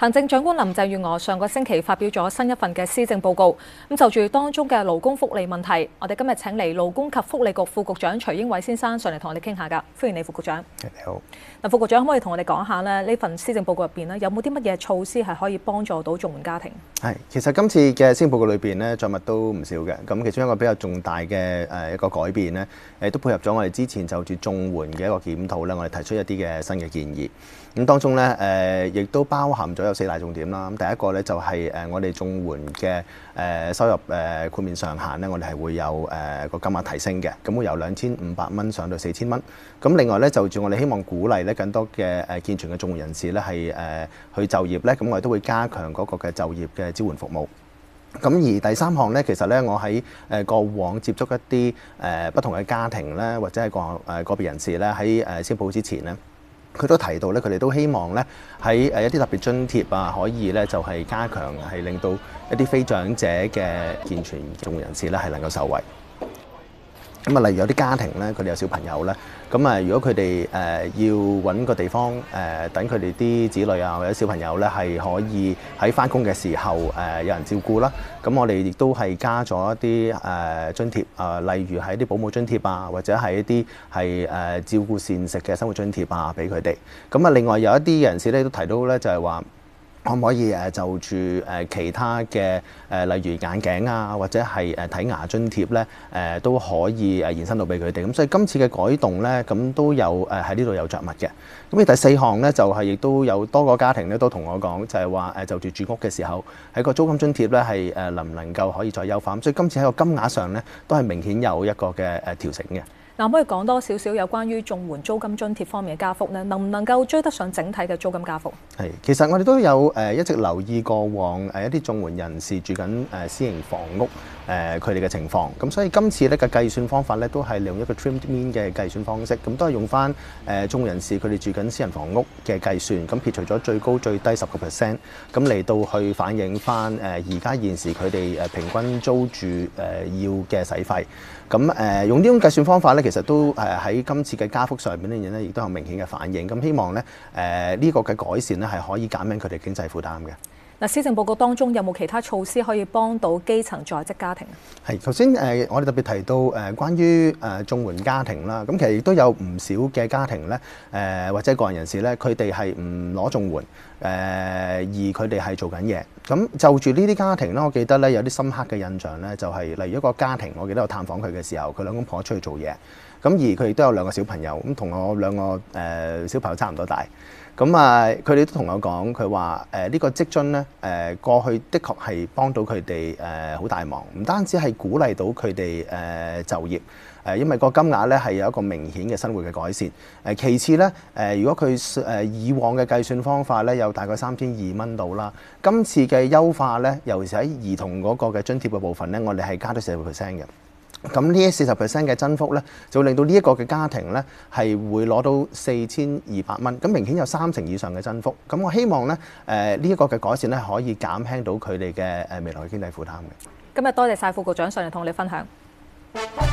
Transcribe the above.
行政長官林鄭月娥上個星期發表咗新一份嘅施政報告，咁就住當中嘅勞工福利問題，我哋今日請嚟勞工及福利局副局長徐英偉先生上嚟同我哋傾下噶。歡迎你，副局長。你好。嗱，副局長可唔可以同我哋講下呢，呢份施政報告入面有冇啲乜嘢措施係可以幫助到綜援家庭？係，其實今次嘅施政報告裏面呢，呢作物都唔少嘅。咁其中一個比較重大嘅一個改變呢，誒都配合咗我哋之前就住綜援嘅一個檢討呢，我哋提出一啲嘅新嘅建議。咁當中呢，呃，亦都包含咗。有四大重點啦，咁第一個咧就係誒我哋綜援嘅誒收入誒豁免上限咧，我哋係會有誒個金額提升嘅，咁會由兩千五百蚊上到四千蚊。咁另外咧就住我哋希望鼓勵咧更多嘅誒健全嘅綜援人士咧係誒去就業咧，咁我哋都會加強嗰個嘅就業嘅支援服務。咁而第三項咧，其實咧我喺誒過往接觸一啲誒不同嘅家庭咧，或者係個誒個別人士咧喺誒先保之前咧。佢都提到咧，佢哋都希望咧喺誒一啲特別津貼啊，可以咧就係加強，係令到一啲非長者嘅健全重人士咧係能夠受惠。咁啊，例如有啲家庭咧，佢哋有小朋友咧，咁啊，如果佢哋誒要揾個地方誒等佢哋啲子女啊或者小朋友咧係可以喺返工嘅時候誒有人照顧啦，咁我哋亦都係加咗一啲誒津貼啊，例如係啲保姆津貼啊，或者係一啲係誒照顧膳食嘅生活津貼啊，俾佢哋。咁啊，另外有一啲人士咧都提到咧，就係話，可唔可以誒就住誒其他嘅誒，例如眼鏡啊，或者係誒睇牙津貼咧，誒都可以誒延伸到俾佢哋咁。所以今次嘅改動咧，咁都有誒喺呢度有著墨嘅。咁嘅第四項咧，就係亦都有多個家庭咧都同我講，就係話誒就住住屋嘅時候，喺個租金津貼咧係誒能唔能夠可以再優化。咁所以今次喺個金額上咧，都係明顯有一個嘅誒調整嘅。嗱，可以講多少少有關於綜援租金津貼方面嘅加幅呢？能唔能夠追得上整體嘅租金加幅？係，其實我哋都有誒一直留意過往誒一啲綜援人士住緊誒私營房屋。誒佢哋嘅情況，咁所以今次呢個計算方法呢，都係利用一個 trimmed mean 嘅計算方式，咁都係用翻誒中人士佢哋住緊私人房屋嘅計算，咁撇除咗最高、最低十個 percent，咁嚟到去反映翻誒而家現時佢哋誒平均租住誒、呃、要嘅使費，咁誒、呃、用呢種計算方法呢，其實都誒喺今次嘅加幅上面呢，嘢咧，亦都有明顯嘅反應，咁希望咧誒呢、呃這個嘅改善呢，係可以減輕佢哋經濟負擔嘅。嗱，施政報告當中有冇其他措施可以幫到基層在職家庭啊？係頭先誒，我哋特別提到誒、呃、關於誒綜援家庭啦，咁其實亦都有唔少嘅家庭咧誒、呃，或者個人人士咧，佢哋係唔攞綜援誒，而佢哋係做緊嘢。咁、嗯、就住呢啲家庭咧，我記得咧有啲深刻嘅印象咧，就係、是、例如一個家庭，我記得我探訪佢嘅時候，佢兩公婆出去做嘢，咁、嗯、而佢亦都有兩個小朋友，咁、嗯、同我兩個誒、呃、小朋友差唔多大，咁啊佢哋都同我講，佢話誒呢個職津咧。誒、呃、過去的確係幫到佢哋誒好大忙，唔單止係鼓勵到佢哋誒就業，呃、因為個金額咧係有一個明顯嘅生活嘅改善。呃、其次咧誒、呃，如果佢、呃、以往嘅計算方法咧有大概三千二蚊到啦，今次嘅優化咧，尤其是喺兒童嗰個嘅津貼嘅部分咧，我哋係加咗四個 percent 嘅。咁呢一四十 percent 嘅增幅呢，就會令到呢一個嘅家庭呢，係會攞到四千二百蚊。咁明顯有三成以上嘅增幅。咁我希望呢，誒呢一個嘅改善呢，可以減輕到佢哋嘅誒未來嘅經濟負擔嘅。今日多謝晒副局長上嚟同我哋分享。